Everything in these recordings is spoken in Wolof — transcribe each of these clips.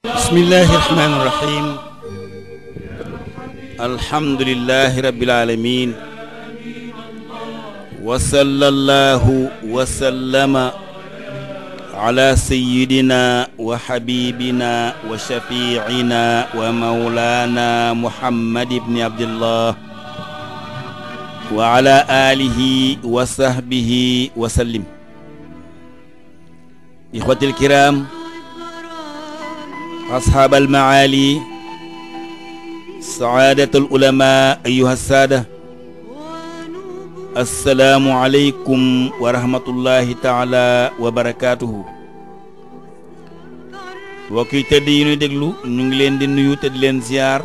bismillahi rahmaani rahim alhamdulilahi rabbil alamin wa sallallahu wa sallama ala sayyidina wa habibina wa shafiicina wa mawlana muhammad ibni abdillah wa ala alihi wa sahbihi wa sallim ixwati alkiram asxaab almaali saadat alulama ayuha saada assalaamu aleykum wa rahmatullahi taala wa barakaatuhu mbokk yi tëdd yi ñuy déglu ñu ngi leen di nuyu te di leen ziyaar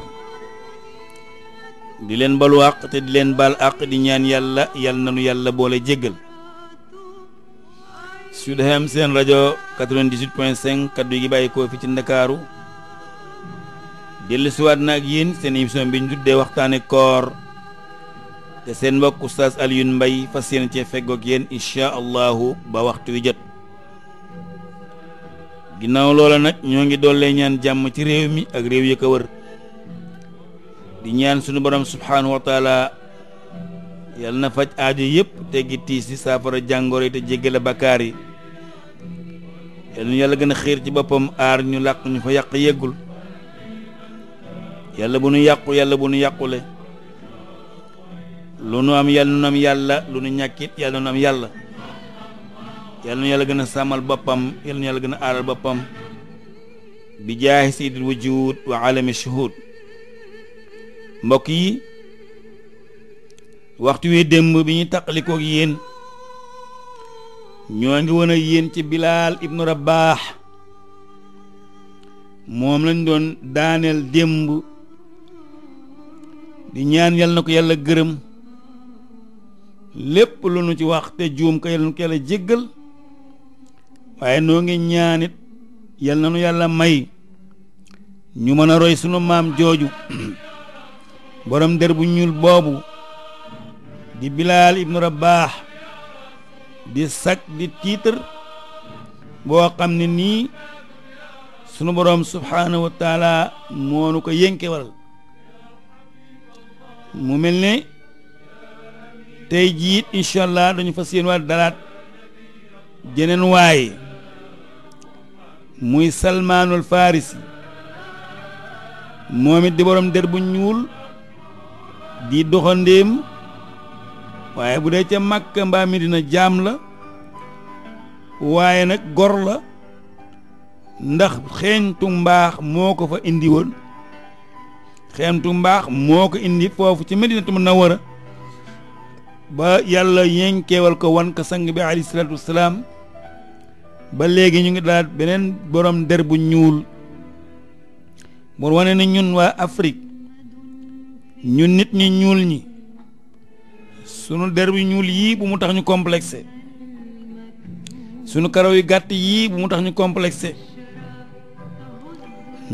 di leen balu àq te di leen baal àq yàlla boole jéggal Sud FM seen rajo 98 point 5 kaddu gi bàyyi ko fi ci Ndakaaru dellusiwaat siwaat na ak yéen seen émission bi ñu tuddee waxtaane koor te seen mbokku oustaz Alioune Mbaye fas yéene cee feggoog yéen incha allahu ba waxtu wi jot ginnaaw loola nag ñoo ngi dollee ñaan jàmm ci réew mi ak réew yi ko wër di ñaan sunu borom subhaanahu wa taala yal na faj aajo yëpp teggi tiis saafara jàngoor yi te jéggale bakkaar yi yal na yàlla gën a xiir ci boppam aar ñu làq ñu fa yàq yeggul yàlla bu nu yàqu yàlla bu nu yàqule lu nu am yàlla lu nu ñàkkit yàlla nu am yàlla yàlla nu yàlla gën a sàmmal boppam yàlla nu yàlla gën a aaral boppam bi jaahi sayyidil wujuud wa alami shuhuud mbokk yi waxtu wi démb bi ñu taqalikook yéen ñoo ngi woon yéen ci bilaal ibnu rabaax moom lañ doon daaneel démb di ñaan yal na ko yàlla gërëm lépp lu nu ci wax te juum ko yal na ko yàlla jéggal waaye noo ngi ñaanit yal na nu yàlla may ñu mën a roy sunu maam jooju borom der bu ñuul boobu di bilaal ibnu rabaax di sag di tiitar boo xam ne nii sunu borom subhaanahu moo nu ko yénke waral mu mel ne tey jii it incha allah dañu fa yéen waa dalaat jeneen waaye muy salmaanul farisi moom it di borom der bu ñuul di doxandéem waaye bu dee ca Makka mi dina jaam la waaye nag gor la ndax xeeñtu mbaax moo ko fa indi woon xeemtu mbaax moo ko indi foofu ci Madinatu Munawwara ba yàlla yenkeewal ko wan ko sang bi alayhi salaatu wasalaam ba léegi ñu ngi daal beneen borom der bu ñuul mu wane na ñun waa Afrique ñun nit ñi ñuul ñi sunu der bu ñuul yii bu mu tax ñu complexé sunu karaw yu gàtt yii bu mu tax ñu complexé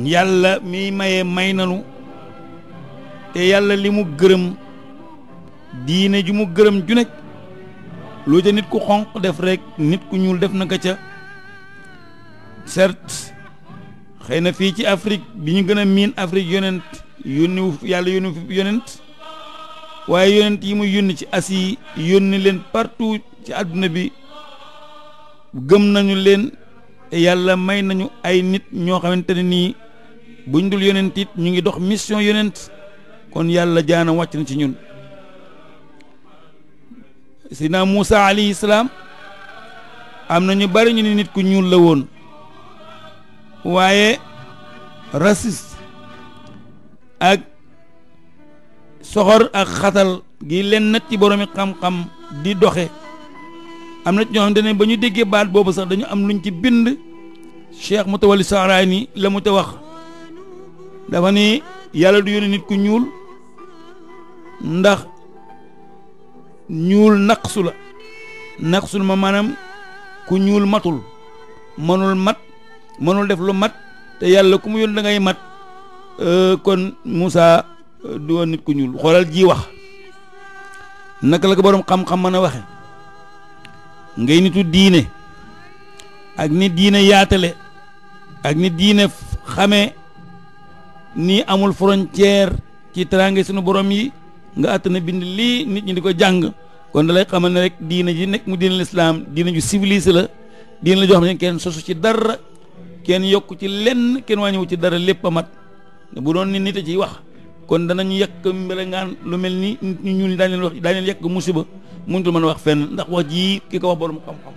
yàlla mi maye may nanu te yàlla li mu gërëm diine ju mu gërëm ju nekk lu ca nit ku xonq def rekk nit ku ñuul def na ko ca certes xëy na fii ci afrig bi ñu gën a miin Afrique yonent yónni yàlla yónni yonent waaye yonent yi muy yónni ci Asie yónni leen partout ci àdduna bi gëm nañu leen te yàlla may nañu ay nit ñoo xamante ne nii buñ dul yonent it ñu ngi dox mission yonent kon yàlla jaana wàcc na ci ñun sidna Muusa alayhi salaam am na ñu bari ñu nit ku ñuul la woon waaye raciste ak soxor ak xatal gi leen nat ci boroomi xam-xam di doxe am na ci ñoo xamante ne ba ñu déggee baat boobu sax dañu am luñ ci bind cheikh Mutawalli Sahraani la mu te wax dafa ni yàlla du yónni nit ku ñuul ndax ñuul naqsu la naqsul ma maanaam ku ñuul matul mënul mat mënul def lu mat te yàlla ku mu yoon da ngay mat euh, kon Moussa euh, du woon nit ku ñuul xoolal ji wax naka la ko boroom xam-xam mën a waxe ngay nitu diine ak nit diine yaatale ak nit diine xamee nii amul frontière ci teraange sunu borom yi nga àttana bind lii nit ñi di ko jàng kon da lay xamal ne rek diina ji nekk mu diina lislaam diina ju civilisé la diina la joo xam ne kenn sosu ci dara kenn yokk ci lenn kenn wàññiwu ci dara lépp a mat bu doon nit nit a ciy wax kon danañ yàq mbelengaan lu mel ni ñu ñuul daañu leen wax daañu leen mu musiba mënut mën a wax fenn ndax wax jii ki ko wax borom xam-xam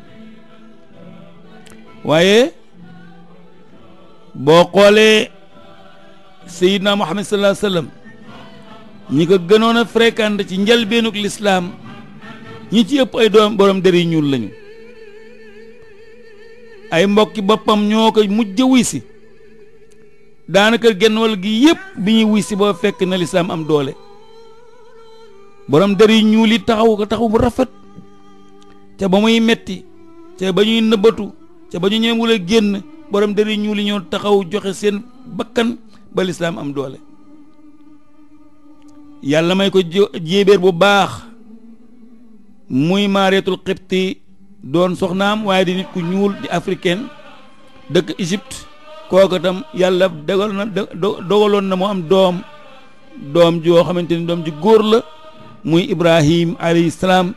waaye boo xoolee Seyyidna Muhammad sallallahu alayhi wa sallam ñi ko gënoon a fréquenté ci njëlbeenug lislaam ñi ci ëpp ay doom borom der yu ñuul lañu ay mbokki boppam ñoo ko mujj wuy si daanaka genn wàll gi yëpp bi ñuy wuy si ba fekk na lislaam am doole borom der yu ñuul yi taxaw ko taxaw bu rafet ca ba muy metti ca ba ñuy nëbbatu ca ba ñu ñemewul a génn borom der yu ñuul yi ñoo taxaw joxe seen bakkan ba lislaam am doole yàlla may ko jéebéer bu baax muy maareetul xibti doon soxnaam waaye di nit ku ñuul di africaine dëkk Égypte kooku itam yàlla dogal na dogaloon na mu am doom doom joo xamante ni doom ji góor la muy Ibrahim alayhi salaam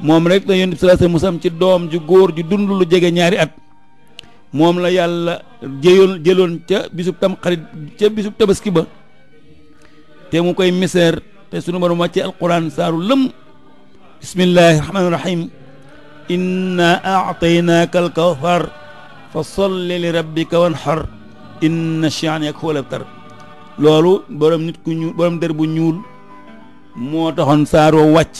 moom rek la yonent bi sallallahu alayhi ci doom ju góor ju dund lu jege ñaari at moom la yàlla jëyoon jëloon ca bisub tam xarit ca bisub tabaski ba te mu koy miseer te sunu borom wàcce alquran saaru lëm bismillahi rahmaani rahim inna aataynaaka alkawfar fa solli li rabbika wanhar inna shani'aka huwa abtar loolu borom nit ku ñuul borom dër bu ñuul moo taxoon saaroo wàcc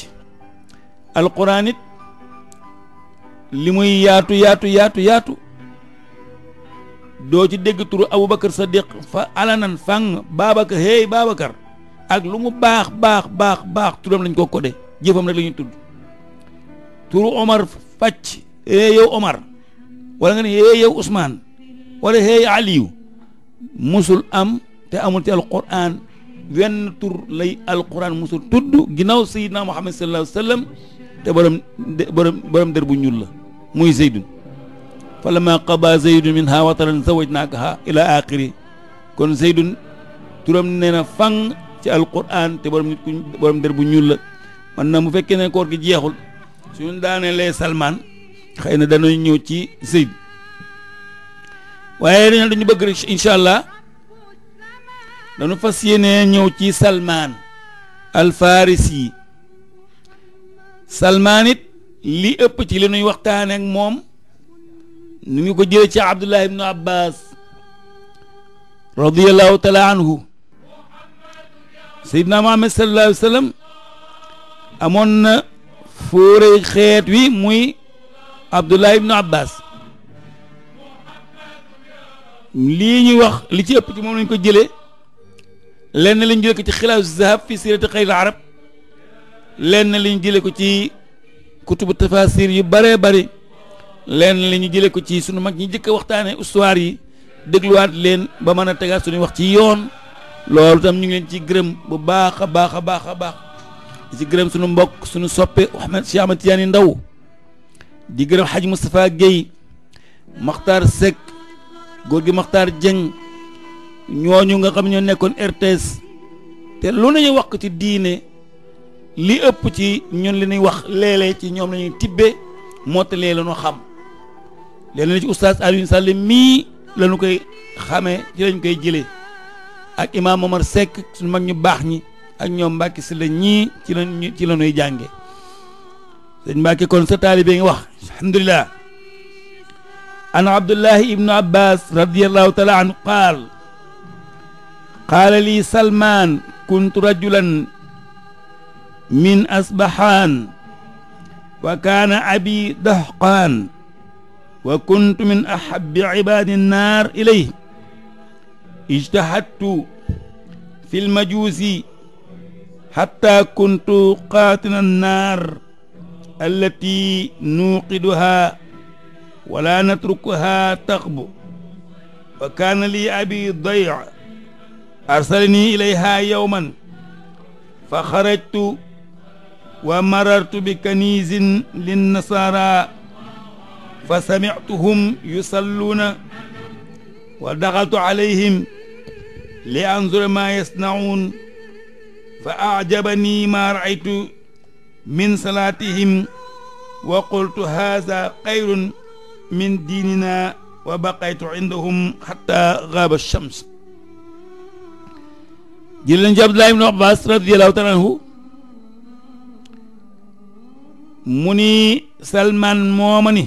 alquran it li muy yaatu yaatu yaatu yaatu doo ci dégg turu aboubacar sadiq fa alanan fang babacar hey babacar ak lu mu baax baax baax baax turam lañ ko codé jëfam rek la ñuy tudd turu Omar fàcc eh yow Omar wala nga eh yow Ousmane wala eh Aliou am te amul ci alquran wenn tur lay alquran musul tudd ginnaaw sayyidina Muhammad sallallahu alayhi wa sallam te borom borom bu ñuul la muy Zeydun fa lama qada Zeydun minha wataran zawajnaakaha ila axiri kon Zeydun turam nee na fang. ci te borom der bu ñuul la man na mu fekke ne koor gi jeexul suñu daanee lee salmaan xëy na danañ ñëw ci waaye dañu bëgg incha allah dañu fas yéene ñëw ci salmaan alfarisi salmaan it li ëpp ci li nuy waxtaane moom nu ngi ko jële ci abdullah ibnu abbas radiallahu taala anhu Seydina Muhammad sallallahu alayhi wa amoon na fóorey xeet wi muy Abdullah ibnu Abbas lii ñuy wax li ci ëpp ci moom lañ ko jëlee lenn liñ jële ko ci xilaasu zahab fi sirati xayril arab lenn liñ jële ko ci kutubu tafasir yi bëree bëri lenn li ñu jële ko ci sunu mag ñi jëkk waxtaane histoire yi dégluwaat leen ba mën a tegaat suñuy wax ci yoon loolu tam ñu ngi leen ci gërëm bu baax a baax a baax a baax di ci gërëm suñu mbokk suñu soppe Ahmed Cheikh Ahmed Tidiane Ndaw di gërëm Hadj Moustapha Guèye maxtar Seck góor gi maxtar Dieng ñooñu nga xam ñoo nekkoon RTS te lu nañu wax ci diine li ëpp ci ñun li ñuy wax léeg ci ñoom lañuy ñuy tibbee moo te léeg la xam léeg-léeg ci oustaz Alioune Sall mii la koy xamee ci lañ koy jëlee ak imaam Omar Seck suñu mag ñu baax ñi ak ñoom Mbàkke si la ñii ci la ci la ñuy jànge kon sa taalibe wax alhamdulilah an abdullahi ibnu abbas radiallahu taala anhu qaal qaala salmaan kuntu rajulan min asbahaan wa kaana abi dahqaan wa kuntu min ahabi ibaadi nnaar ilayhi ijtahadtu fi lmajuusi xatta kuntu qaatina annaar allati nuuqiduha wala natrukuha taxbu wa kaana li abi day arsalani ilayha yowman fa xarajtu wa marartu bi kaniisin linnasaara fa samictuhum yusalluuna wa daxaltu alayhim li anzura maa yasnaun fa ajabani maa raaytu min salaatihim wa qultu haza xayrun min diinina wa baqaytu indahum xata gaaba shams jël nañ ci Abdullah ibn Abbas radiallahu taala anhu mu ni Salman mooma ni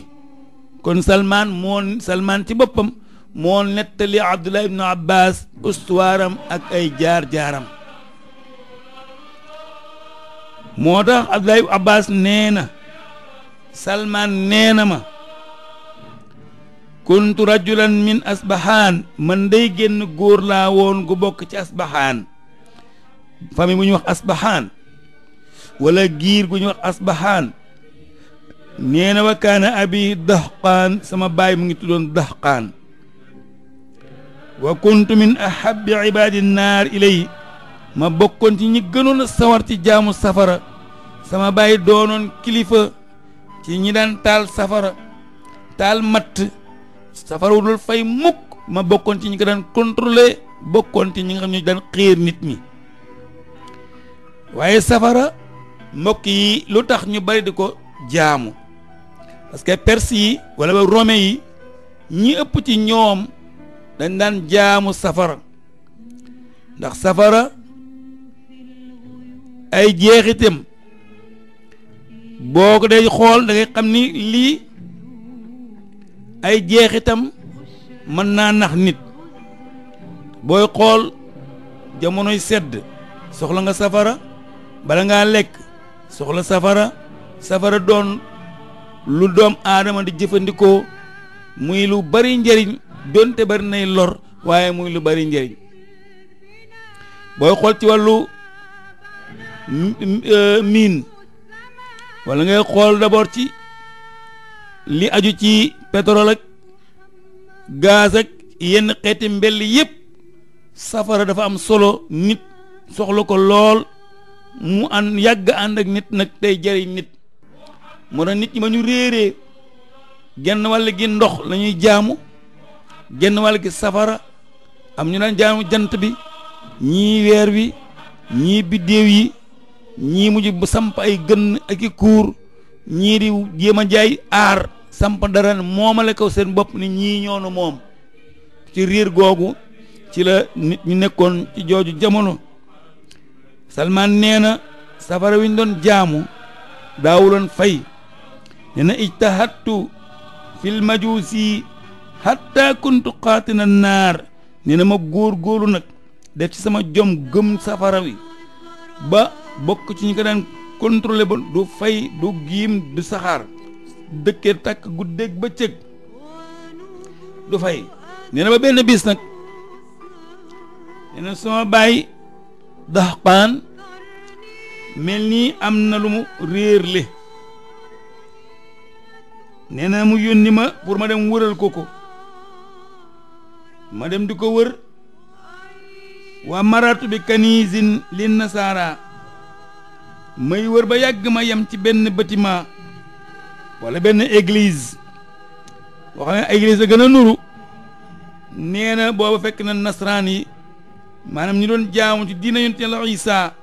kon Salman moo Salman ci boppam moo nettali abdullah ibnu abbas ustuwaaram ak ay jaar-jaaram moo tax abdullah ibnu abbas nee na salmaan neena ma kuntu rajulan min asbahaan man day génn góor laa gu bokk ci asbahaan famille bu ñuy wax asbahaan wala giir gu ñuy wax asbahaan nee wa kaana abi dahqaan sama baay mu ngi tuddoon dahqaan wa kuntu min ahabbi ibaadi naar ilay ma bokkoon ci ñi gënoon sawar ci jaamu safara sama baay doonoon kilifa ci ñi daan taal safara taal matt safara wu fay mukk ma bokkoon ci ñi ko daan contrôler bokkoon ci ñi nga xam ñu daan xiir nit ñi waaye safara mbokk yi lu tax ñu bari di ko jaamu parce que perse yi wala ba rome yi ñi ëpp ci ñoom dañ daan jaamu safara ndax safara ay jeexitam boo ko day xool da xam ni lii ay jeexitam mën naa nax nit booy xool jamonoy sedd soxla nga safara bala ngaa lekk soxla safara safara doon lu doom aadama di jëfandikoo muy lu bari njëriñ donte bari nay lor waaye muy lu bari njëriñ booy xool ci wàllu e, miin wala ngay xool d'abord ci li aju ci pétrole ak gaz ak yenn xeeti mbell yépp safara dafa am solo nit soxla ko lool mu an yàgg ànd ak nit nag tey jariñ nit moo tax nit ñi ba ñu réeree genn wàll gi ndox lañuy jaamu genn wàll gi safara am ñu daan jaamu jant bi ñii weer wi ñii biddéew yi ñii mujj bu samp ay gën ak i kuur ñii di jéem a jaay aar samp dara moomale ko seen bopp ni ñii ñoonu moom ci riir googu ci la nit ñu nekkoon ci jooju jamono salmaan nee na safara wi ñu doon jaamu daawuloon fay nee na ijtahadtu fil majuusi hatta kuntu na naar nee ma góor góorlu nag def ci sama jom gëm safara wi ba bokk ci ñu ko daan contrôlé ba du fay du giim du saxaar dëkkee tàkk guddeeg bëccëg du fay nee ba benn bis nag nee na sama bàyyi daxpaan mel nii am na lu mu réer li nee na mu yónni ma pour ma dem wëral ko ko ma dem di ko wër waa maratu bi kanisin lin nasaara may wër ba yàgg ma yem ci benn bâtiment walla benn église boo xam ne a gën a nuru nee na booba fekk na nasaraan yi maanaam ñu doon jaamu ci diina yonent Yàlla Isaa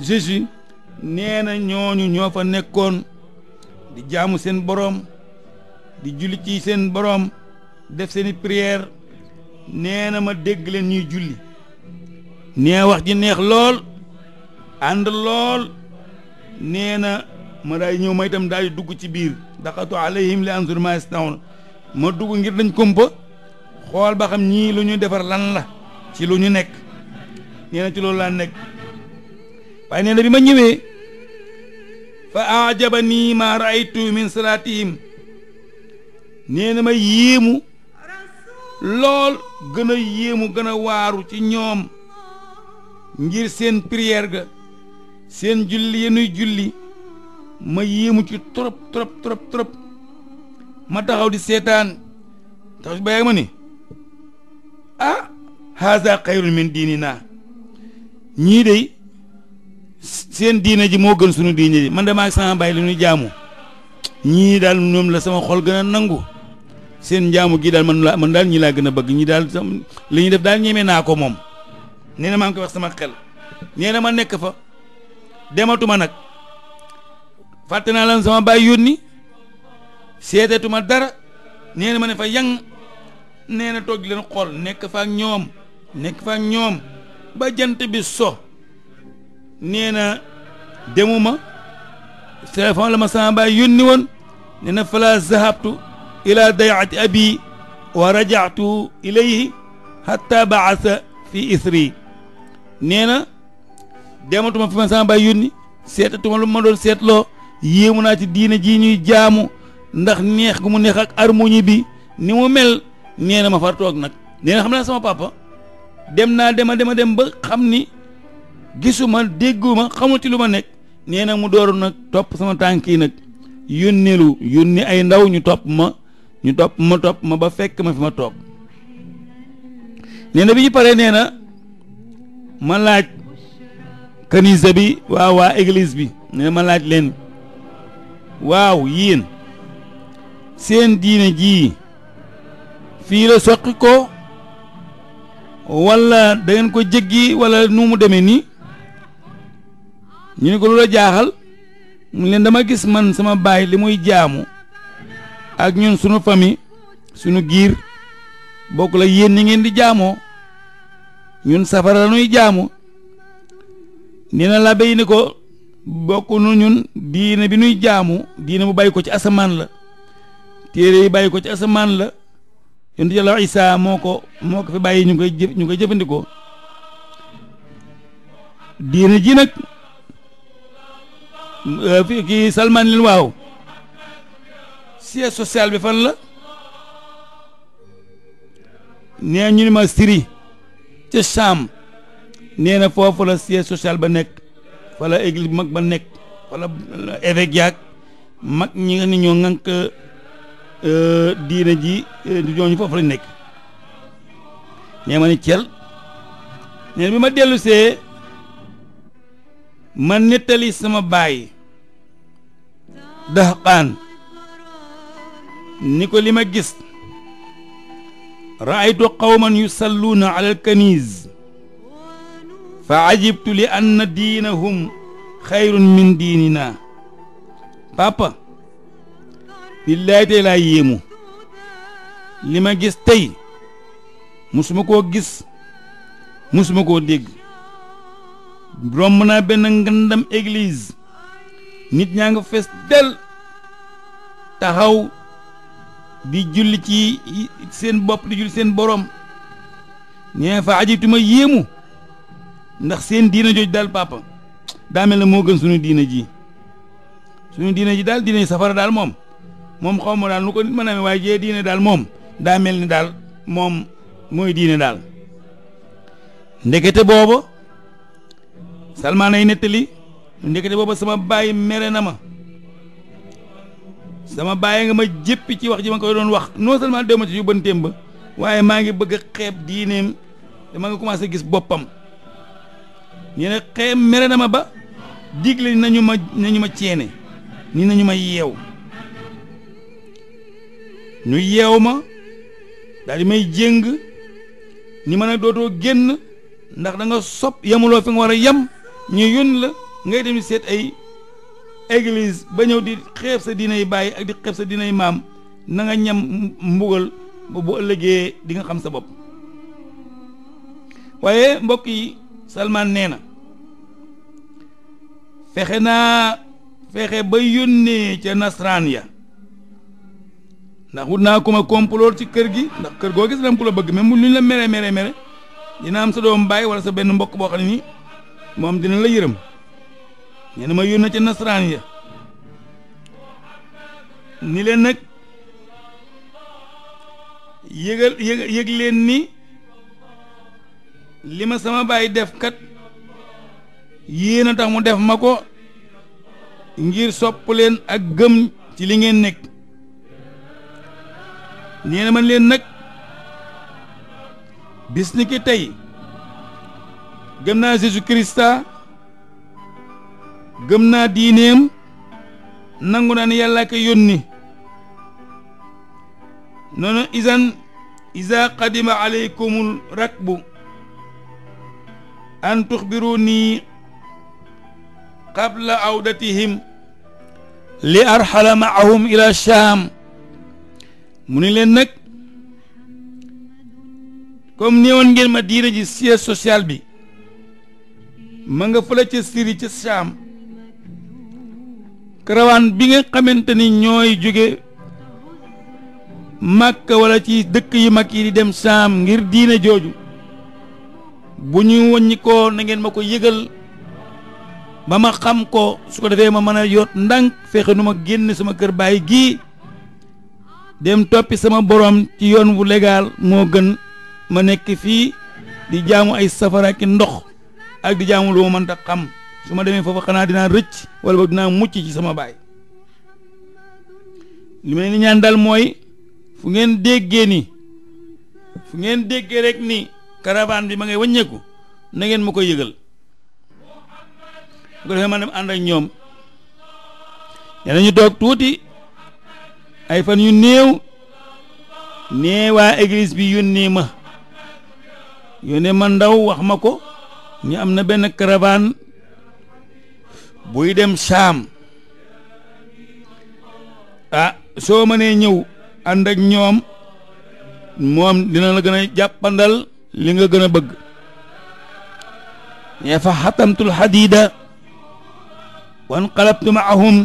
Jésus nee na ñooñu ñoo fa nekkoon di jaamu seen boroom di julli ci seen boroom def seeni prière nee na ma dégg leen ñuy julli nee wax ji neex lool ànd lool nee na ma daay ñëw ma itam daay dugg ci biir daxatu alayhim li anzur ma yasnaun ma dugg ngir dañ kumpa xool ba xam ñii lu ñuy defar lan la ci lu ñu nekk nee ci loolu laa nekk waaye nee na bi ma ñëwee fa ajaba nii ma raaytu min salaatihim nee na ma yéemu lool gën a yéemu gën waaru ci ñoom ngir seen prière ga seen julli yenuy julli ma yéemu ci trop trop trop trop ma taxaw di seetaan taxaw si bàyyi ma ni ah haza xayrun min diini naa ñii de seen diine ji moo gën sunu diine ji man de sama bàyyi li ñuy jaamu ñii daal ñoom la sama xol gën a nangu seen njaamu gi daal mën laa man daal ñi laa gën a bëgg ñi daal li ñuy def daal ñeme naa ko moom nee na maa ngi koy wax sama xel nee na ma nekk fa dematuma nag fàtte naa lan sama baay yónni seeteetuma dara nee ma ne fa yang nee na toog leen xool nekk fa ak ñoom nekk fa ak ñoom ba jant bi so nee na demuma téléphone la ma sama baay yónni woon nee fa laa zahabtu ila dayati abi wa rajatu ilay hatta baasa fi isri nee na dematuma fi ma sama baay yónni seetatuma lu ma doon seetloo yéemu naa ci diina ji ñuy jaamu ndax neex gu mu neex ak harmonie bi ni mu mel nee na ma far toog nag nee na xam naa sama papa dem naa dema dema dem ba xam ni gisuma dégguma xamu ci lu ma nekk nee na mu dooru nag topp sama tànk yi nag yónneelu yónni ay ndaw ñu topp ma ñu topp ma topp ma ba fekk ma fi ma toog nee na bi ñu paree nee na ma laaj kanisa bi waaw waa église bi nee na ma laaj leen waaw yéen seen diine jii fii la soqi ko wala da ko jéggi wala nu mu demee nii ñu ne ko lu la jaaxal mu leen dama gis man sama baay li muy jaamu ak ñun sunu famille sunu giir bokk la yéen ñi ngeen di jaamoo ñun safara la ñuy jaamu ni na la yi ni ko bokk nu ñun diine bi nuy jaamu diine bu bàyyi ko ci asamaan la téere yi bàyyi ko ci asamaan la yonent Yàlla Isaa moo ko moo ko fi bàyyi ñu koy jëf ñu koy jëfandikoo diine ji nag fi kii Salman leen waaw siège social bi fan la nee ñu ni ma siri ca Cham nee na foofu la siège social ba nekk fa la église mag ba nekk fa la évêque yaag mag ñi nga ni ñoo ŋànk euh, diine ji euh, ñooñu foofu lañ nekk nee ma ni cel nee bi ma dellu see ma nettali sama baay daxqaan ni ko li ma gis raaytu qawman yusalluuna ala fa ajibtu li anna diinahum xayrun min diinina papa billaay tey laa yéemu li ma gis tey musuma koo gis musuma koo dégg romb benn ngandam église nit ñaa nga fees del taxaw di julli ci seen bopp di julli seen boroom nee fa ma yéemu ndax seen diina jooju daal papa daa mel ne moo gën suñu diina ji suñu diina ji daal diina safara daal moom moom xaw ma daal nu ko nit mën a amee waaye jee diine daal moom daa mel ni daal moom mooy diine daal ndekete booba yi nettali ndekete booba sama bàyyi mere na ma sama bàyyi nga ma jéppi ci wax ji ma koy doon wax non seulement déw ma ci yóbbanteem ba waaye maa ngi bëgg a xeeb diineem dama nga commencé gis boppam ñu ne xeeb mere na ma ba digle nañu ma nañu ma ceene ni nañu ma yeew ñu yeew ma daldi may jéng ni ma ne dootoo génn ndax danga nga sopp yamuloo fi nga war a yam ñu yun la ngay dem seet ay église ba ñëw di xeeb sa diinay bàyyi ak di xeeb sa diinay maam nanga ñam mbugal ba bu ëllëgee di nga xam sa bopp waaye mbokk yi Salman nee na fexe naa fexe ba yónnee ca nasraan ya ndax wut naa ku ma complot ci kër gi ndax kër goo gis dam ku la bëgg même mu lu ñu la mere mere mere dina am sa doom bàyyi wala sa benn mbokk boo xam ne ni moom dina la yërëm nee ma yónne ca nasaraan ya ni leen nag yëgal yëg yëg leen ni li ma sama baay def kat yéen a tax mu def ma ko ngir sopp leen ak gëm ci li ngeen nekk nee na man leen nag bis ni ki tey gëm naa Jésus Christa gëm naa diineem nangu naa ne yàllaa ko yónni noonu isan isa qadima aleykumul rakbu an tuxbiru nii qabla awdatihim li arxala maahum ila shaam mu ni leen nag comme néewoon ma diine ji siège social bi ma nga fële ca siri shaam karawaan bi nga xamante ni ñooy jóge màkka wala ci dëkk yu mag yi di dem saam ngir diine jooju bu ñu woññikoo ko na ngeen ma ko yëgal ba ma xam ko su ko defee ma mën a yoot ndànk fexe nu ma génn sama kër baay gii dem toppi sama borom ci yoon wu légal moo gën ma nekk fii di jaamu ay safara ki ndox ak di jaamu lu ma mënta xam su ma demee foofu xanaa dinaa rëcc wala boog dinaa mucc ci sama baay li ma ni ñaan daal mooy fu ngeen déggee ni fu ngeen déggee rek ni caravane bi ma ngay wàññeeku na ngeen ma ko yëgal bu ko defee ma dem ànd ak ñoom danañu toog tuuti ay fan yu néew nee waa église bi yónnee ma yónnee ma ndaw wax ma ko ñu am na benn caravane buy dem saam a ah, soo mënee ñëw ànd ak ñoom moom dina la gën a jàppandal li nga gën a bëgg ñee fa xatamtul xadiida wan xalabtu maahum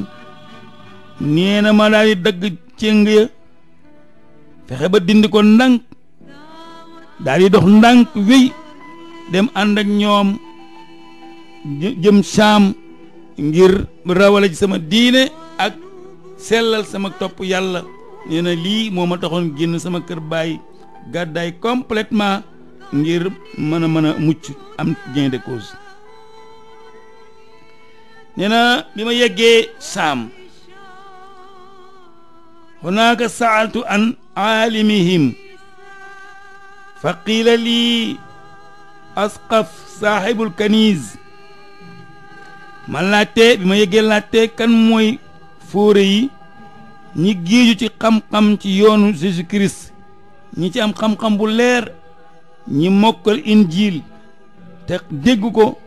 nee na ma daal di dagg cëng ya fexe ba dindi ko ndànk daal di dox ndànk wéy dem ànd ñoom jëm saam ngir rawale ci sama diine ak sellal sama topp yàlla nee na lii moo ma taxoon génn sama kër baay gàddaay complètement ngir mën a mën a mucc am gain de cause nee bi ma yeggee saam hunaaka saaltu an aalimihim fa qiila lii asqaf saahibul kaniis ma laajte bi ma yëggee laajte kan mooy fóore yi ñi géeju ci xam-xam ci yoonu Jésus Christ ñi ci am xam-xam bu leer ñi mokkal injiil te déggu ko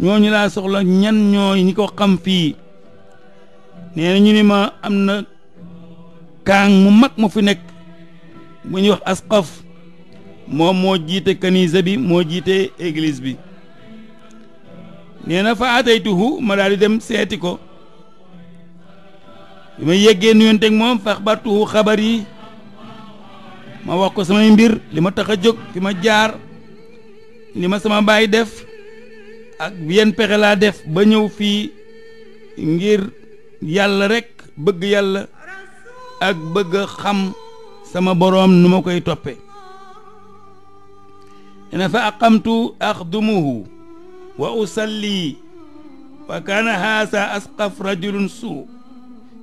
ñooñu laa soxla ñan ñooy ñi ko xam fii nee na ñu ni ma am na kaang mu mag mu fi nekk bu ñuy wax asqaf moom moo jiite kanisa bi moo jiite église bi nee na fa ataytuhu ma daal di dem seeti ko bi ma yeggee nuyonteeg moom fa axbartuhu xabar yi ma wax ko samay mbir li ma tax a jóg fi ma jaar li ma sama baay def ak yenn pexe laa def ba ñëw fii ngir yàlla rekk bëgg yàlla ak bëgg xam sama boroom nu ma koy toppe nee na fa aqamtu axdumuhu wa usalli fa kaana haasa asqaf rajulun suu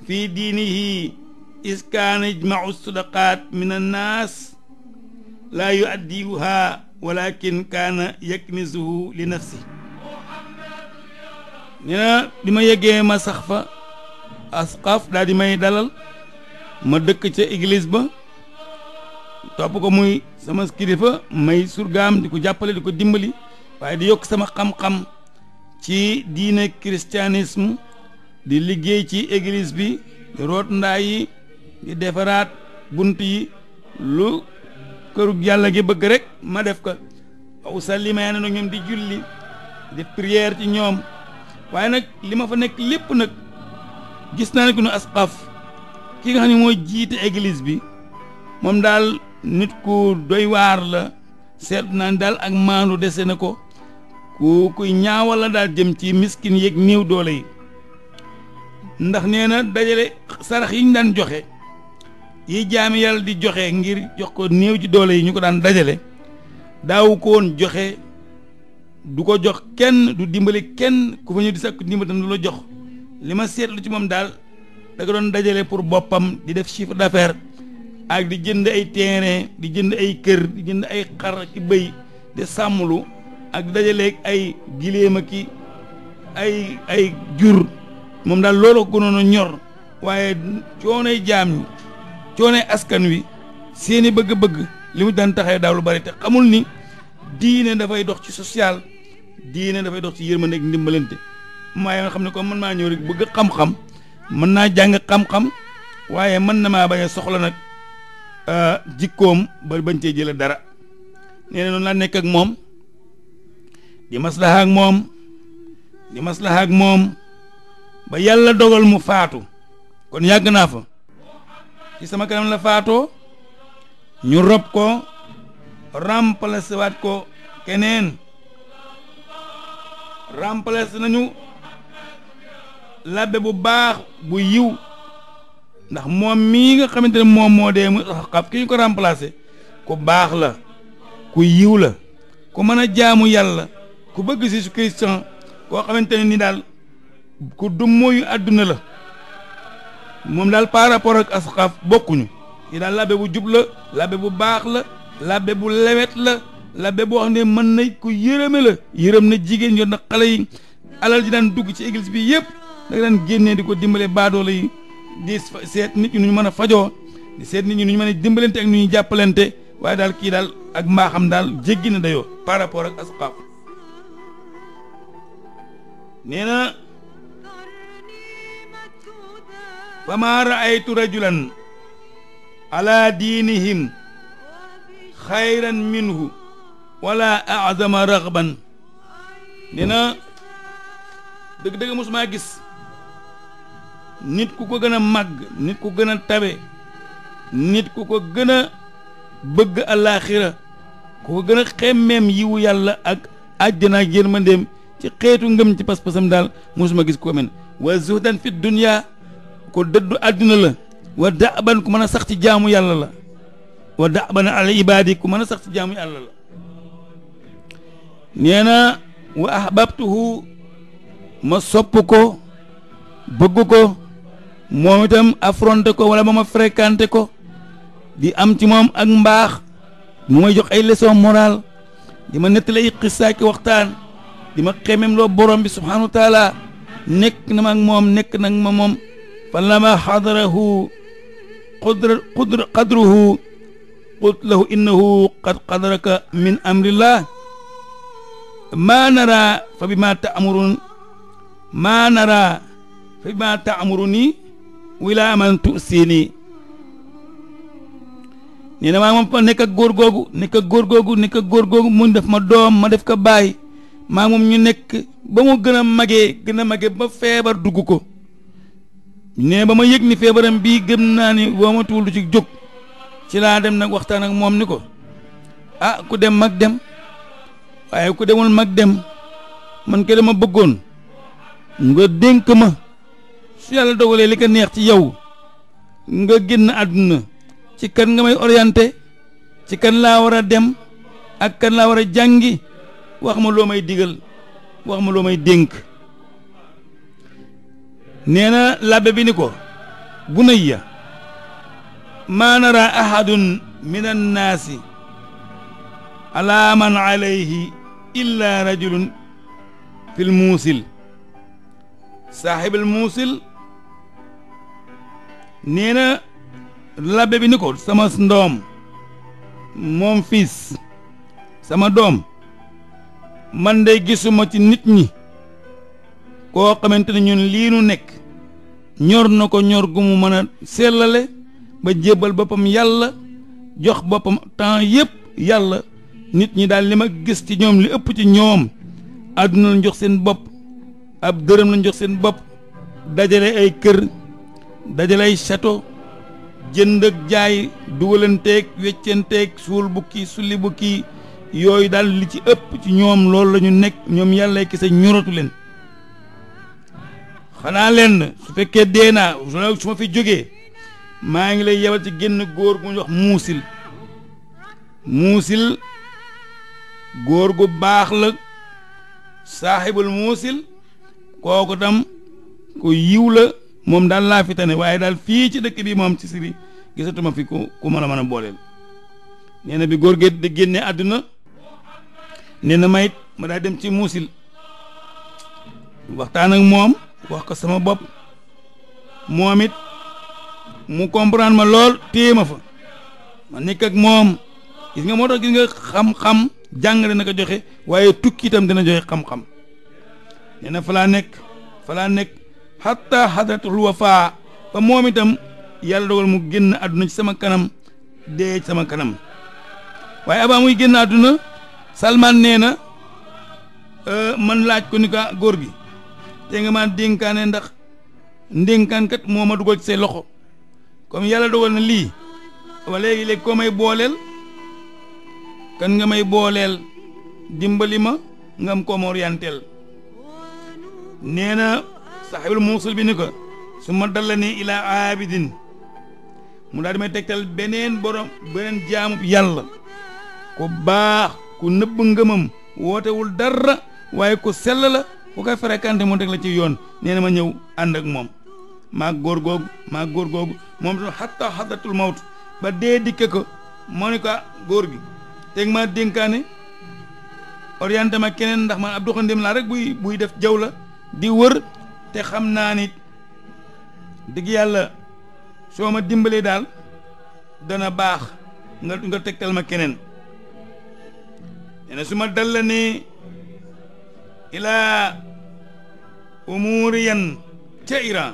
fi diinihi iskaana ijmau sadaqaat min annaas laa yuaddiuhaa walakin kaana yaknisuhu li nafsi nee di ma yëgee ma sax fa asqaf daal di may dalal ma dëkk ca église ba topp ko muy sama kilifa may surgaam di ko jàppale di ko dimbali waaye di yokk sama xam-xam ci diine christianisme di liggéey ci église bi di root ndaa yi di defaraat bunt yi lu këru yàlla gi bëgg rekk ma def ko aw sallimaa na ñoom di julli di prière ci ñoom waaye nag li ma fa nekk lépp nag gis naa ne ku nu asqaf ki nga xam ne mooy jiite église bi moom daal nit ku doy waar la seetlu naa ni daal ak maandu dese na ko ku kuy ñaawal la daal jëm ci miskin yeeg néew doole yi ndax nee na dajale sarax yi ñu daan joxe yi jaami yàlla di joxe ngir jox ko néew ci doole yi ñu ko daan dajale daawu ko woon joxe du ko jox kenn du dimbali kenn ku fa ñëw di sakku dimbali tam du la jox li ma seetlu ci moom daal da ko doon dajale pour boppam di def chiffre d'affaires ak di jënd ay terrain di jënd ay kër di jënd ay xar ci bëy di sàmmlu ak dajaleeg ay giléem ki ay ay jur moom daal loolu ko noonu ñor waaye coonay jaam ñi coonay askan wi seeni bëgg-bëgg li mu daan taxee daaw lu bari te xamul ni diine dafay dox ci social diine dafay dox ci yërmande ak ndimbalante maa nga xam ne ko mën maa ñëw rek bëgg xam-xam mën naa jàng xam-xam waaye mën na maa bañ a soxla nag euh, jikkoom ba bañ cee jëlee dara nee na noonu laa nekk ak moom. di maslaha ak moom di maslaha ak moom ba yàlla dogal mu faatu kon yàgg naa fa ci sama kanam la faatoo ñu rob ko remplacé ko keneen remplacé nañu labbe bu baax bu yiw ndax moom mii nga xamante ne moom moo dee mu xaf ki ñu ko remplacé ku baax la ku yiw la ku mën a jaamu yàlla ku bëgg Jésus Christ koo xamante ne ni daal ku du àdduna la moom daal par rapport ak asxaaf bokkuñu yi daal labbe bu jub la labbe bu baax la labbe bu lewet la labbe boo xam ne mën na ku yërëme la yërëm na jigéen yor na xale yi alal di daan dugg ci église bi yëpp da daan génnee di ko dimbale baadoola yi di seet nit ñi nu ñu mën a fajoo di seet nit ñi nu ñu mën a dimbalante ak nu ñuy jàppalante waaye daal kii daal ak mbaaxam daal jéggi na dayoo par rapport ak asxaaf nee na fa maa raaytu rajulan ala diinihim xayran minhu wala azama raxban nee na dëgg-dëgg mosumaa gis nit ku ko gën a màgg nit ku gën a tabe nit ku ko gën a bëgg àllaaxira ku ko gën a xemmeem yàlla ak àjjana ak yërmandeem ci xeetu ngëm ci pas-pasam daal mosuma gis ko mel wa zuhdan fi dunya ko dëddu àddina la wa daban ku mën a sax ci jaamu yàlla la wa daban ala mën a sax ci jaamu yàlla nee na wa ahbabtuhu ma sopp ko bëgg ko moom itam affronté ko wala mooma fréquenté ko di am ci moom ak mbaax mu may jox ay leçon morale di ma nettali ay xissaaki waxtaan di ma xemem loo borom bi subhanahu wa nekk na ma ak moom nekk nag ma moom fa lama xadarahu qudra qudra qadruhu qult lahu innahu qad qadaraka min amrillah maa naraa fa bi maa taamurun maa naraa fa bi maa taamuruni na maa moom fa nekk ak góor googu nekk ak góor googu ma doom ma def ko baay maa moom ñu nekk ba mu gën a magee gën a magee ba feebar dugg ko ne ba ma yëg ni feebaram bii gëm naa ni boo ma tuul du ci jóg ci laa dem nag waxtaan ak moom ni ko ah ku dem mag dem waaye ku demul mag dem mën ko dama bëggoon nga dénk ma su yàlla dogalee li ko neex ci yow nga génn àdduna ci kan nga may orienté ci kan laa war a dem ak kan laa war a jàngi wax ma loo may digal wax ma loo may dénk nee na labbe bi ni ko bunayya maa nara ahadun min annaasi ala man illa rajulun fi lmuusil saaxib almuusil nee na labbe sama ndoom moom sama doom man day gisuma ci nit ñi koo xamante ne ñun lii nu nekk ñor na ko ñor gu mu mën a sellale ba jébbal boppam yàlla jox boppam temps yépp yàlla nit ñi daal li ma gis ci ñoom li ëpp ci ñoom àdduna lañ jox seen bopp ab dërëm lañ jox seen bopp dajale ay kër dajale ay château jënd jaay dugalanteeg weccanteeg suul bu sulli bu yooyu daal li ci ëpp ci ñoom loolu la ñu nekk ñoom yàlla kese ñoratu leen xanaa leen su fekkee dee naa su ma fi jógee maa ngi lay yebal ci génn góor gu ñu muusil muusil góor gu baax la saaxibul muusil kooku tam ku yiw la moom daal laa fi tane waaye daal fii ci dëkk bii moom ci siri gisatuma fi ku ku mën a mën a booleel nee na bi góor gi di génne àdduna nee na mayit ma daa dem ci muusil waxtaan ak moom wax ko sama bopp moom it mu comprendre ma lool téye ma fa ma nekk ak moom gis nga moo tax gis nga xam-xam jàng dana ko joxe waaye tukki itam dina joxe xam-xam nee na fa laa nekk fa laa nekk xatta wa wafa ba moom itam yàlla dogal mu génn àdduna ci sama kanam dee ci sama kanam waaye abaa muy génn àdduna Salman nee na euh, man laaj ko ni ko góor bi te nga maa dénkaane ndax ndénkaankat moo ma dugal ci say loxo comme yàlla dogal na lii ba léegi-léegi koo may booleel kan nga may booleel dimbali ma nga am koo ma orienteel nee na saxibul muusul bi ni ko su ma dalla ni ilaa aabidin mu daal di may tegtal beneen borom beneen jaamu yàlla ku baax ku nëbb ngëmam wootewul dara waaye ku sell la ku koy fréquenté mu teg la ci yoon nee na ma ñëw ànd ak moom maag góor googu maag góor googu moom tam xatta xadratul mawt ba dee dikke ko moo ni ko ah, góor gi teg ma dénkaane orienté ma keneen ndax man ab doxandéem laa rek buy buy def jaw la di wër te xam naa ni dëgg yàlla soo ma dimbalee daal dana baax nga nga tegtal ma keneen nee na su ma dallani ilaa umuuriyan ca Iran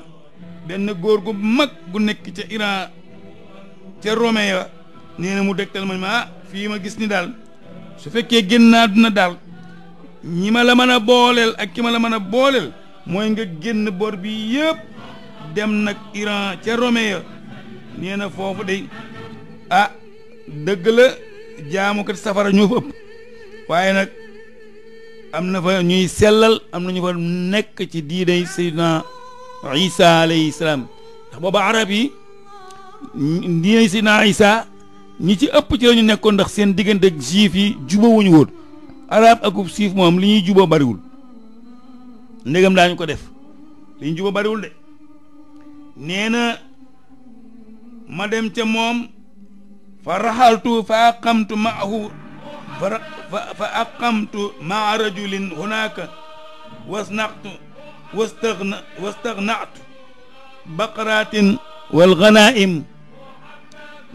benn góor gu mag gu nekk ca Iran ca Rome ya nee na mu dégtal ma ah fii ma gis ni daal su fekkee génn àdduna daal ñi ma la mën a booleel ak ki ma la mën a booleel mooy nga génn bor bi yëpp dem nag Iran ca Rome ya nee na foofu de ah dëgg la jaamukat safara ñoo fa waaye nag am na fa ñuy sellal am na ñu fa nekk ci diinay Seydina Isa alayhi salaam ndax booba arab yi diinay Seydina Isa ñi ci ëpp ci la ñu nekkoon ndax seen diggante ak juif yi jubawuñu woon arab akub siif moom li ñuy juba bariwul ndegam daañu ko def li ñuy juba bariwul de nee na ma dem ca moom fa raxaltu fa aqamtu maahu fa aqamtu maa rajulin hunaaka wasnaqtu wastagna wastagnatu baqaraatin wal ganaim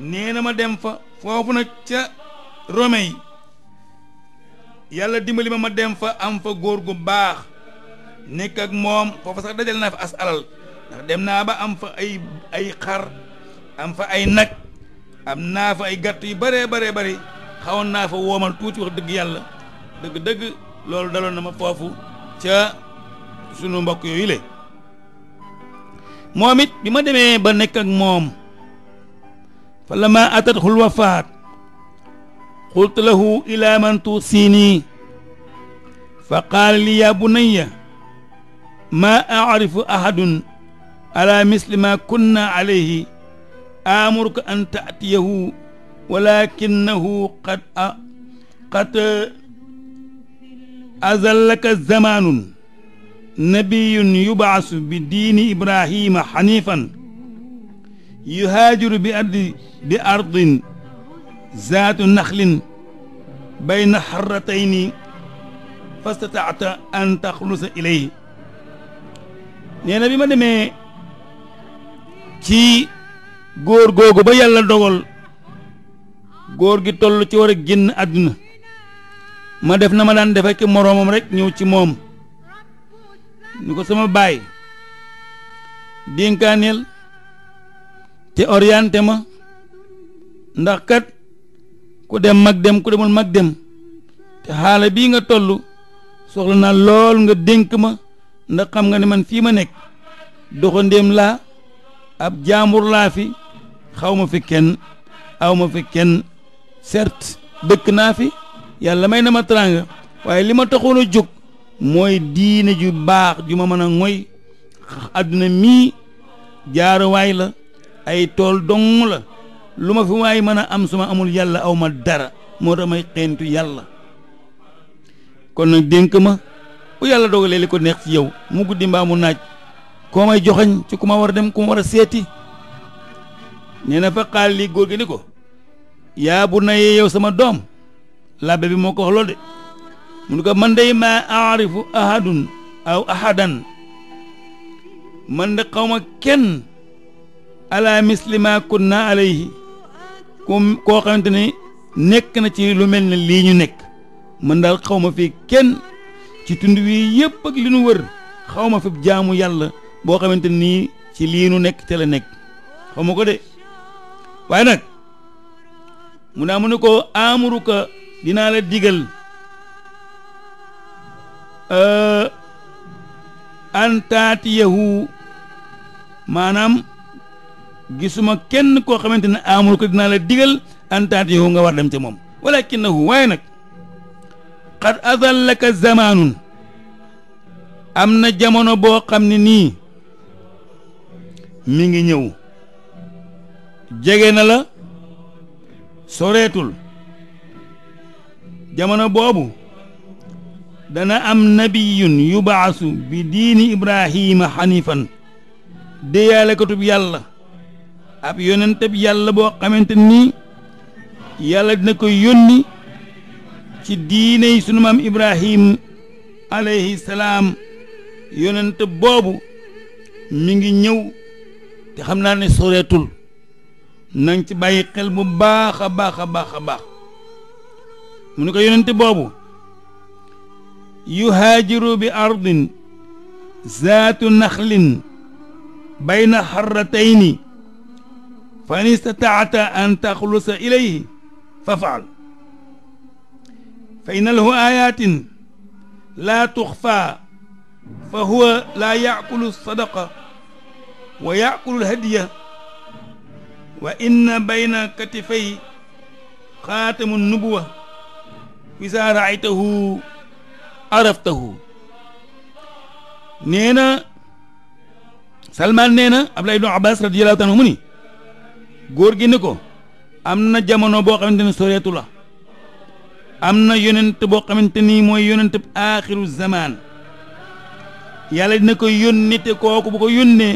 nee na ma dem fa foofu nag ca Rome yi yàlla dimbali ma ma dem fa am fa góor gu baax nekk ak moom foofa sax dajal na fa as alal dem naa ba am fa ay ay xar am fa ay nag am naa ay gàtt yu bare bare bare xawoon naa fa woomal tuuti wax dëgg yàlla dëgg-dëgg loolu daloon na ma foofu ca sunu mbokk yooyu le moom it bi ma demee ba nekk ak moom fa lama atatxul wafaat qultu lahu ila man tuusiini fa qaala li ya bunayya ma aarifu ahadun ala misli ma kunna alayhi aamuruka an taatiyahu walakinahu qad a qad azallaka zamaanun nabiyun yubaasu bi diini ibrahima xanifan yuhaajiru bi ardi bi ardin zaatu naxlin bayna xarratayni fastataata an taxlusa ilay nee na bi ma demee ci góor googu ba yàlla dogal góor gi toll ci war a génn àdduna ma def na ma daan defe ki moroomam rek ñëw ci moom ñu ko sama baay dénkaaneel te orienté ma ndax kat ku dem mag dem ku demul mag dem te xaala bii nga tollu soxla na lool nga dénk ma ndax xam nga ne man fii ma nekk doxandéem laa ab jaambur laa fi xaw fi kenn aw fi kenn certes dëkk naa fi yàlla may na ma teraanga waaye li ma taxoon a jóg mooy diine ju baax ju ma mën a ngoy àdduna mii jaaruwaay la ay tool dong la lu ma fi waay mën a am su ma amul yàlla aw ma dara moo tax may xeentu yàlla kon nag dénk ma bu yàlla dogalee li ko neex ci yow mu guddi mbaa mu naaj koo may joxañ ci ku ma war a dem ku ma war a seeti nee na fa xaal lii góor gi ni ko yaa bu naye yow sama doom labbe bi moo ko wax de mu ko man day maa aarifu ahadun aw ahadan man de xaw ma kenn ala misli ma kunna alayhi ku koo xamante ni nekk na ci lu mel ne lii ñu nekk man daal xaw ma fii kenn ci tund wi yëpp ak li nu wër xaw ma fi jaamu yàlla boo xamante nii ci lii nekk te la nekk xaw ko de waaye nag mu naa ah, mu ne ko amuruka dinaa la digal eh, an taatiyahu maanaam gisuma kenn koo xamante ne amuruka dinaa la digal antaati taatiyahu nga war dem ca moom walakinahu waaye nag qad adallaka zamaanun am na jamono boo xam ne nii mi ngi ñëw jege na la soreetul jamono boobu dana am nabiyun yubaasu bi diini ibrahima xanifan déeyaalekatub yàlla ab yonentab yàlla boo xamante nii yàlla dina ko yónni ci diiney sunu maam ibrahim alayhi salaam yonent boobu mi ngi ñëw te xam naa ne soreetul nang ci bàyyi xel bu baax a baax a baax a baax mu ne ko yonente boobu yuhaajiru bi ardin zaatu naxlin bayna xarratayni fa in istataata an taxlusa ilayhi fa faal fa in lahu ayatin laa tuxfa fa huwa laa yaakulu sadaqa wa yaakulu lhadiya wa inna bayna katifay xaatamu nubuwa fi saa raaytahu araftahu nee na salmaan nee na abdulaay ibnu abbas radiyallaahu taala mu ni góor gi ni ko am na jamono boo xamante ni soreetu la am na yonent boo xamante ni mooy yonent aaxiru zamaan yàlla dina ko yónnite kooku bu ko yónnee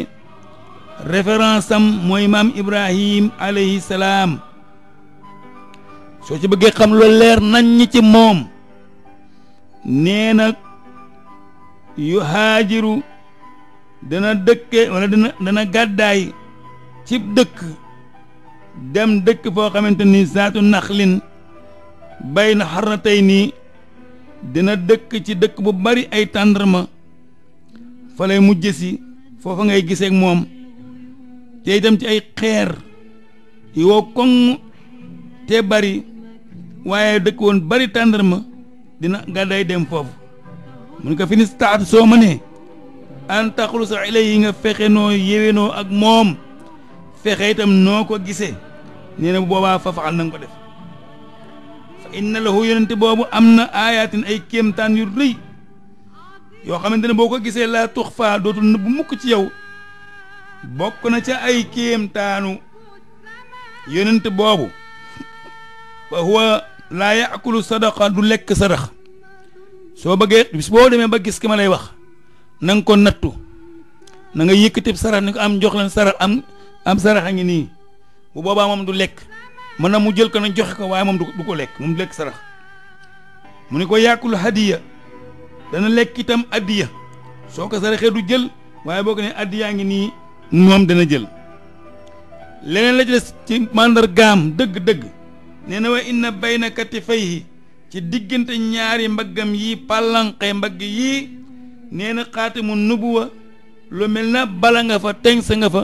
référence am mooy maam Ibrahim alayhi salaam soo ci bëggee xam lu leer nañ ñi ci moom nee na yu haajiru dana dëkke wala dana gàddaay ci dëkk dem dëkk foo xamante ni zaatu naxlin bay na xar na xarratay nii dana dëkk ci dëkk bu bari ay tàndarma fa lay mujj si foofa ngay giseek moom te itam ci ay xeer yoo koŋ te bari waaye dëkk woon bari tàndarma dina gàdday dem foofu mun ko finis taat soo ma ne an taxulu sa ilay yi nga fexe noo yéwénoo ak moom fexe itam noo ko gisee nee na bu boobaa fafaxal na nga ko def fa inna lahu yonente boobu am na aayaatin ay kéemtaan yu rëy yoo xamante ne boo ko gisee laa tux fa dootul nëbb mukk ci yow bokk na ca ay kéemtaanu yonent boobu fa huwa laa yaakulu sadaqa du lekk sadax soo bëggee bis boo demee ba gis ki ma lay wax na nga ko nattu na yëkkatib sarax ni ko am jox leen sarax am am sarax a ngi nii bu boobaa moom du lekk mën na mu jël ko na joxe ko waaye moom du ko lekk moom du lekk sarax mu ni ko yàkkul hadiya dana lekk itam addiya soo ko saraxee du jël waaye boo ne addiyaa ngi nii moom dana jël leneen la ci des ci màndargaam dëgg-dëgg nee na wa inna bayna katifayhi ci diggante ñaari mbaggam yi pàllanqe mbagg yii nee na xaatimu nubuwa lu mel na bala nga fa teñ sa nga fa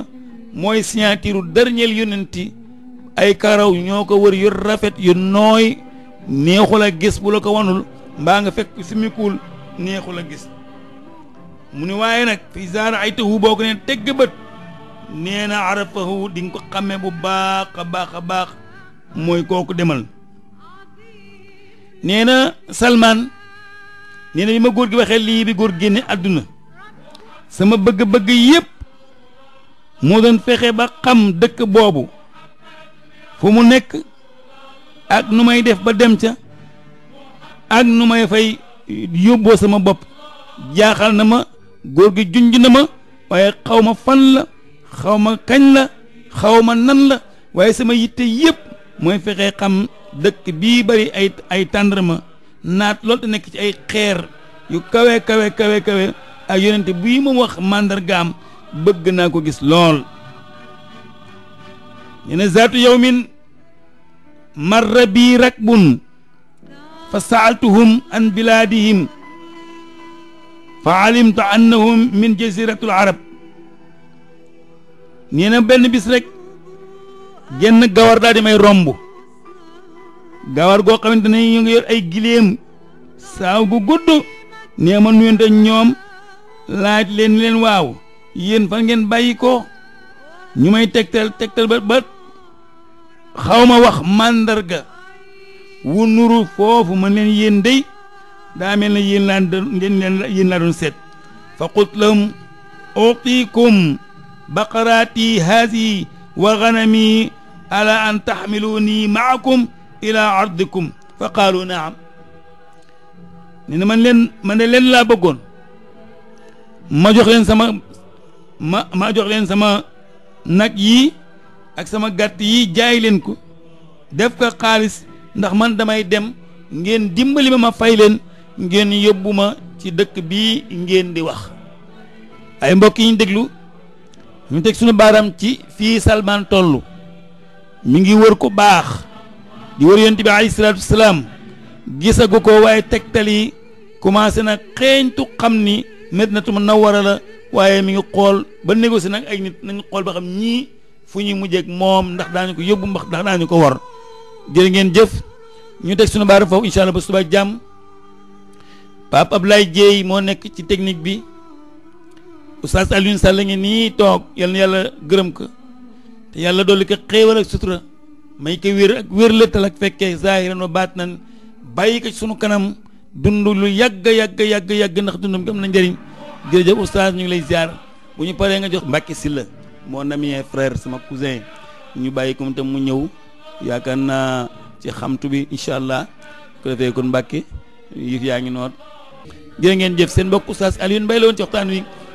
mooy signature dernier yonenti ay karaw ñoo ko wër yu rafet yu nooy neexul a gis bu la ko wanul mbaa nga fekk simikuul neexul a gis mu ne waaye nag fi zaara ay taxu boo ko ne tegg bët nee na arafahu di nga ko xamme bu baax a baax a baax mooy kooku demal nee na salmaan nee na bi ma góor gi waxee lii bi góor génne àdduna sama bëgg-bëgg yépp moo doon fexe ba xam dëkk boobu fu mu nekk ak nu may def ba dem ca ak nu may fay yóbboo sama bopp jaaxal na ma góor gi junj na ma waaye xaw ma fan la xaw ma kañ la xaw ma nan la waaye sama yitte yépp mooy fexe xam dëkk bii bari ay ay tàndarma naat loolu nekk ci ay xeer yu kawe kawe kawe kawe ak bii ma wax màndargaam bëgg naa ko gis lool ñene zaatu yawmin marra bii rakbun fa saaltuhum an bilaadihim fa alimtu annahum min jaziratul arab nee na benn bis rek genn gawar daal di may romb gawar goo xamante ne ñu ngi yor ay giléem saaw gu gudd nee ma nuyante ñoom laaj leen leen waaw yéen fan ngeen bàyyi ko ñu may tegtal tegtal bët ba xaw wax màndarga wu nuru foofu mën leen yéen dey daa mel na yéen laa doon yéen seet fa qult lahum baqaraati haasi wa ganami ala an taxmiluuni maakum ila ardikum fa qaalu naam nee na man leen man leen laa bëggoon ma jox sama ma ma jox leen sama nag yi ak sama gàtt yi jaay leen ko def ko xaalis ndax man damay dem ngeen dimbali ma ma fay leen ngeen yóbbu ma ci dëkk bii ngeen di wax ay mbokk yi ñu déglu ñu teg suñu baaram ci fii Salman tollu mu ngi wër ko baax di wër yonent bi alayhi salaatu wasalaam gisagu ko waaye tegtal yi commencé na xeeñtu xam ni Madinatu Munawwara la waaye mi ngi xool ba négocier nag ay nit nañu xool ba xam ñii fu ñuy mujjeeg moom ndax daañu ko yóbbu mbax ndax daañu ko war jël ngeen jëf ñu teg suñu baaram foofu incha ba suba jàmm Pape Ablaye Dieye moo nekk ci technique bi Oustaz Alioune Sall ngi nii toog yal na yàlla gërëm ko te yàlla dolli ko xéewal ak sutura may ko wér ak wérletal ak fekkee zaahiran wa baatinan bàyyi ko sunu kanam dund lu yàgg yàgg yàgg yàgg ndax dund gi am na njëriñ jërëjëf Oustaz ñu ngi lay ziar bu ñu paree nga jox Mbacke Sylla mon ami frère sama cousin ñu bàyyi ko mu tam mu ñëw yaakaar naa ci xamtu bi incha allah ko defee kon Mbacke yëf yaa ngi noot jërë ngeen jëf seen mbokk Oustaz